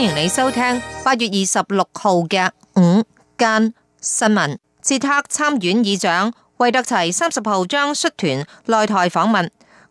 歡迎你收聽八月二十六號嘅午間新聞。捷克參院議長維德齊三十號將率團來台訪問，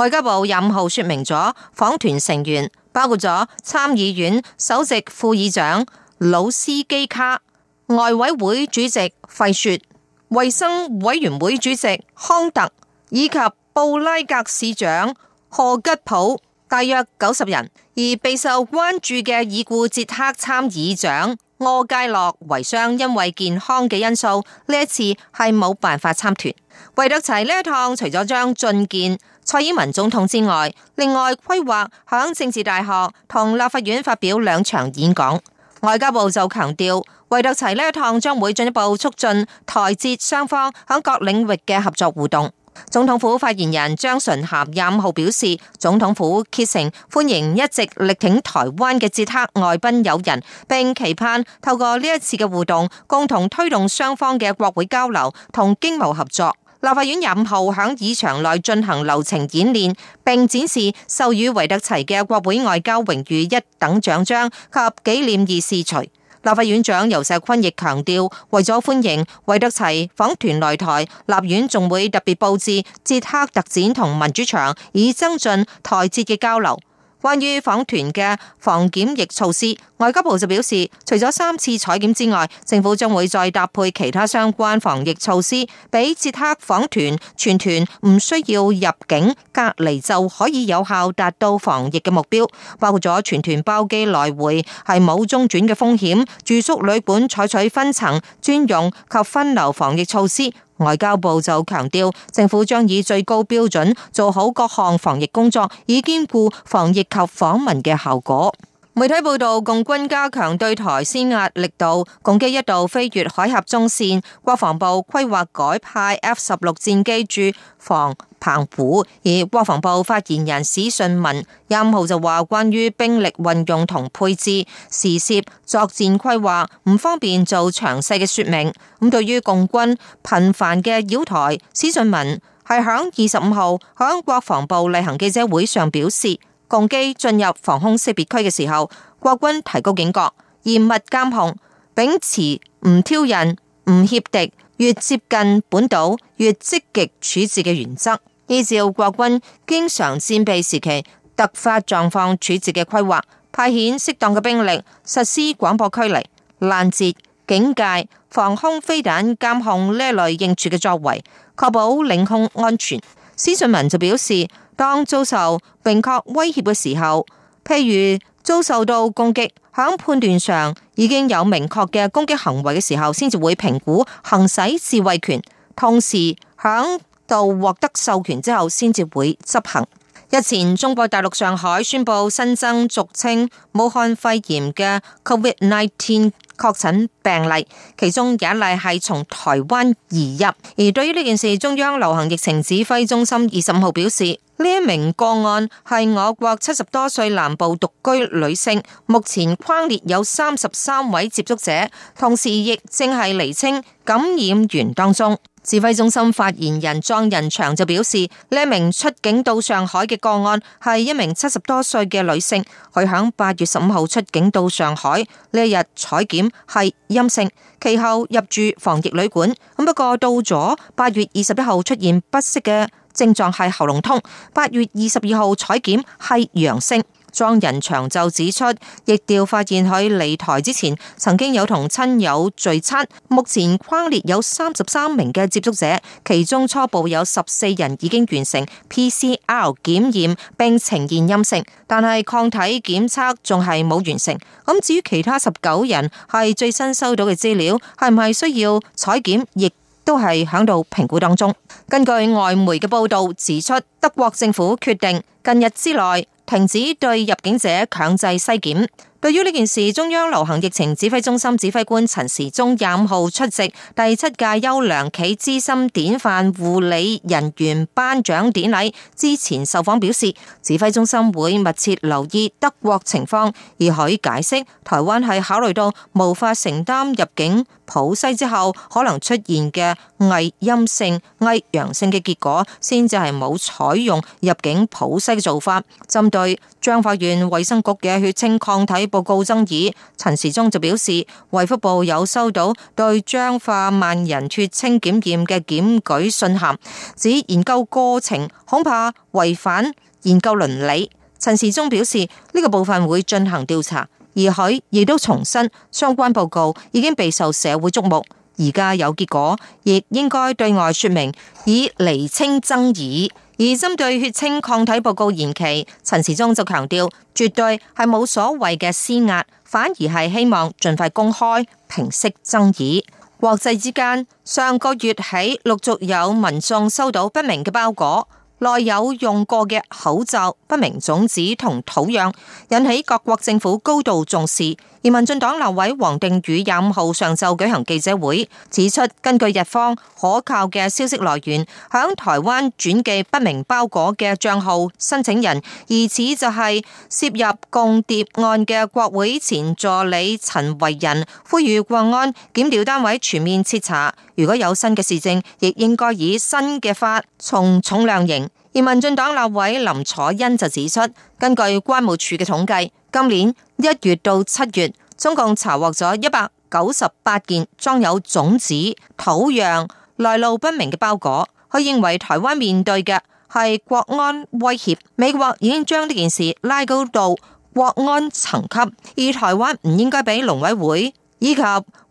外交部廿五號說明咗訪團成員，包括咗參議院首席副議長魯斯基卡、外委會主席費雪、衛生委員會主席康特以及布拉格市長何吉普。大約九十人，而備受關注嘅已故捷克參議長柯佳洛遺孀因為健康嘅因素，呢一次係冇辦法參團。維特齊呢一趟除咗將覲見蔡英文總統之外，另外規劃響政治大學同立法院發表兩場演講。外交部就強調，維特齊呢一趟將會進一步促進台捷雙方響各領域嘅合作互動。總統府發言人張惇涵廿五號表示，總統府竭誠歡迎一直力挺台灣嘅捷克外賓友人，並期盼透過呢一次嘅互動，共同推動雙方嘅國會交流同經貿合作。立法院廿五號喺議場內進行流程演練，並展示授予維特齊嘅國會外交榮譽一等獎章及紀念議事槌。立法院長游錫堃亦強調，為咗歡迎維特齊訪團來台，立院仲會特別布置捷克特展同民主牆，以增進台捷嘅交流。關於訪團嘅防檢疫措施，外交部就表示，除咗三次採檢之外，政府將會再搭配其他相關防疫措施，俾捷克訪團全團唔需要入境隔離就可以有效達到防疫嘅目標，包括咗全團包機來回係冇中轉嘅風險，住宿旅館採取分層、專用及分流防疫措施。外交部就強調，政府將以最高標準做好各項防疫工作，以兼顧防疫及訪問嘅效果。媒體報道，共軍加強對台施壓力度，共機一度飛越海峽中線。國防部規劃改派 F 十六戰機駐防澎湖，而國防部發言人史順文廿五號就話，關於兵力運用同配置、事涉作戰規劃，唔方便做詳細嘅說明。咁對於共軍頻繁嘅繞台，史順文係響二十五號響國防部例行記者會上表示。共機進入防空識別區嘅時候，國軍提高警覺，嚴密監控，秉持唔挑釁、唔協敵，越接近本島越積極處置嘅原則。依照國軍經常戰備時期突發狀況處置嘅規劃，派遣適當嘅兵力，實施廣播驅離、攔截、警戒、防空飛彈監控呢類應處嘅作為，確保領空安全。施俊文就表示，當遭受明確威脅嘅時候，譬如遭受到攻擊，響判斷上已經有明確嘅攻擊行為嘅時候，先至會評估行使自衛權，同時響度獲得授權之後，先至會執行。日前，中國大陸上海宣布新增俗稱武漢肺炎嘅 Covid nineteen。19確診病例，其中有一例係從台灣移入。而對於呢件事，中央流行疫情指揮中心二十五號表示，呢一名個案係我國七十多歲南部獨居女性，目前框列有三十三位接觸者，同時亦正係釐清感染源當中。指揮中心發言人莊人祥就表示，呢一名出境到上海嘅個案係一名七十多歲嘅女性，佢響八月十五號出境到上海呢一日採檢。係陰性，其後入住防疫旅館，不過到咗八月二十一號出現不適嘅症狀係喉嚨痛，八月二十二號採檢係陽性。莊人祥就指出，疫調發現佢離台之前，曾經有同親友聚餐。目前框列有三十三名嘅接觸者，其中初步有十四人已經完成 PCR 檢驗並呈現陰性，但係抗體檢測仲係冇完成。咁至於其他十九人係最新收到嘅資料，係唔係需要採檢，亦都係響度評估當中。根據外媒嘅報道指出，德國政府決定近日之內，停止對入境者強制篩檢。對於呢件事，中央流行疫情指揮中心指揮官陳時中廿五號出席第七屆優良企資深典範護理人員頒獎典禮之前，受訪表示，指揮中心會密切留意德國情況，而可以解釋台灣係考慮到無法承擔入境普篩之後可能出現嘅偽陰性、偽陽性嘅結果，先至係冇採用入境普篩嘅做法。針對彰化縣衛生局嘅血清抗體。報告爭議，陳時中就表示，衛福部有收到對彰化萬人血清檢驗嘅檢舉信函，指研究過程恐怕違反研究倫理。陳時中表示，呢、這個部分會進行調查，而佢亦都重申，相關報告已經備受社會矚目，而家有結果，亦應該對外說明，以厘清爭議。而針對血清抗體報告延期，陳時中就強調，絕對係冇所謂嘅施壓，反而係希望盡快公開，平息爭議。國際之間，上個月起陸續有民眾收到不明嘅包裹。內有用過嘅口罩、不明種子同土壤，引起各國政府高度重視。而民進黨立委黃定宇廿五號上晝舉行記者會，指出根據日方可靠嘅消息來源，響台灣轉寄不明包裹嘅賬號申請人，疑似就係涉入共諜案嘅國會前助理陳惟仁，呼籲國安檢調單位全面徹查。如果有新嘅事證亦應該以新嘅法從重，重量刑。而民進黨立委林楚茵就指出，根據關務署嘅統計，今年一月到七月，中共查獲咗一百九十八件裝有種子、土壤、來路不明嘅包裹。佢認為台灣面對嘅係國安威脅，美國已經將呢件事拉高到國安層級，而台灣唔應該俾農委會以及。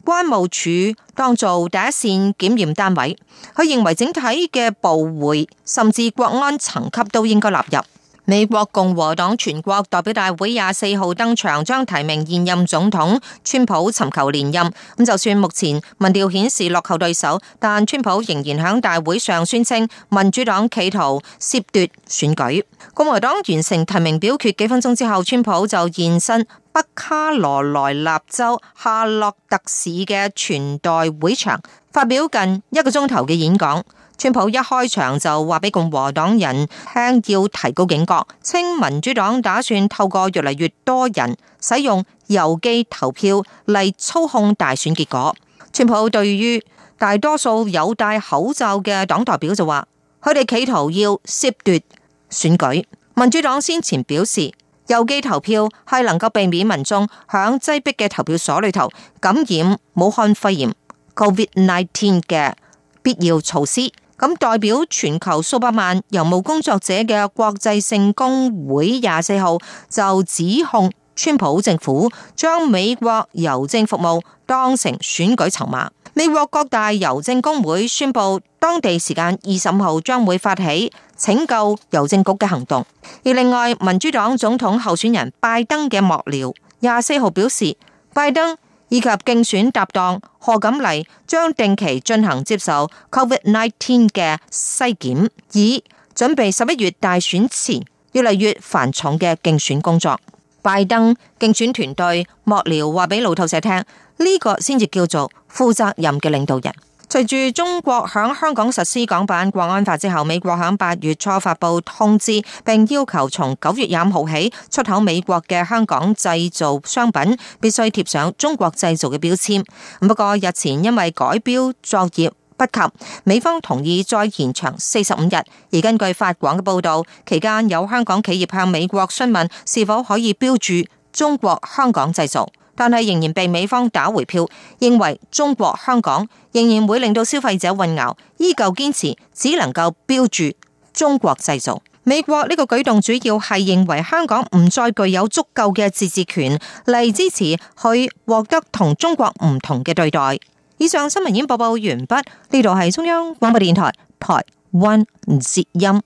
關務署當做第一線檢驗單位，佢認為整體嘅部會甚至國安層級都應該納入。美國共和黨全國代表大會廿四號登場，將提名現任總統川普尋求連任。咁就算目前民調顯示落後對手，但川普仍然喺大會上宣稱民主黨企圖竊奪選舉。共和黨完成提名表決幾分鐘之後，川普就現身北卡羅來納州夏洛特市嘅全代會場，發表近一個鐘頭嘅演講。川普一開場就話俾共和黨人聽要提高警覺，稱民主黨打算透過越嚟越多人使用郵寄投票嚟操控大選結果。川普對於大多數有戴口罩嘅黨代表就話，佢哋企圖要涉奪選舉。民主黨先前表示，郵寄投票係能夠避免民眾響擠迫嘅投票所裏頭感染武漢肺炎 （COVID-19） 嘅必要措施。咁代表全球數百萬郵務工作者嘅國際性工會廿四號就指控川普政府將美國郵政服務當成選舉籌碼。美國各大郵政工會宣布，當地時間二十五號將會發起拯救郵政局嘅行動。而另外，民主黨總統候選人拜登嘅幕僚廿四號表示，拜登。以及競選搭檔賀錦麗將定期進行接受 COVID-19 嘅篩檢，以準備十一月大選前越嚟越繁重嘅競選工作。拜登競選團隊幕僚話俾路透社聽：呢、這個先至叫做負責任嘅領導人。.隨住中國響香港實施港版國安法之後，美國響八月初發佈通知，並要求從九月廿五號起，出口美國嘅香港製造商品必須貼上中國製造嘅標籤。不過日前因為改標作業不及，美方同意再延長四十五日。而根據法廣嘅報道，期間有香港企業向美國詢問是否可以標注中國香港製造。但係仍然被美方打回票，認為中國香港仍然會令到消費者混淆，依舊堅持只能夠標注中國製造。美國呢個舉動主要係認為香港唔再具有足夠嘅自治權嚟支持去獲得同中國唔同嘅對待。以上新聞演播報完畢，呢度係中央廣播電台台灣之音。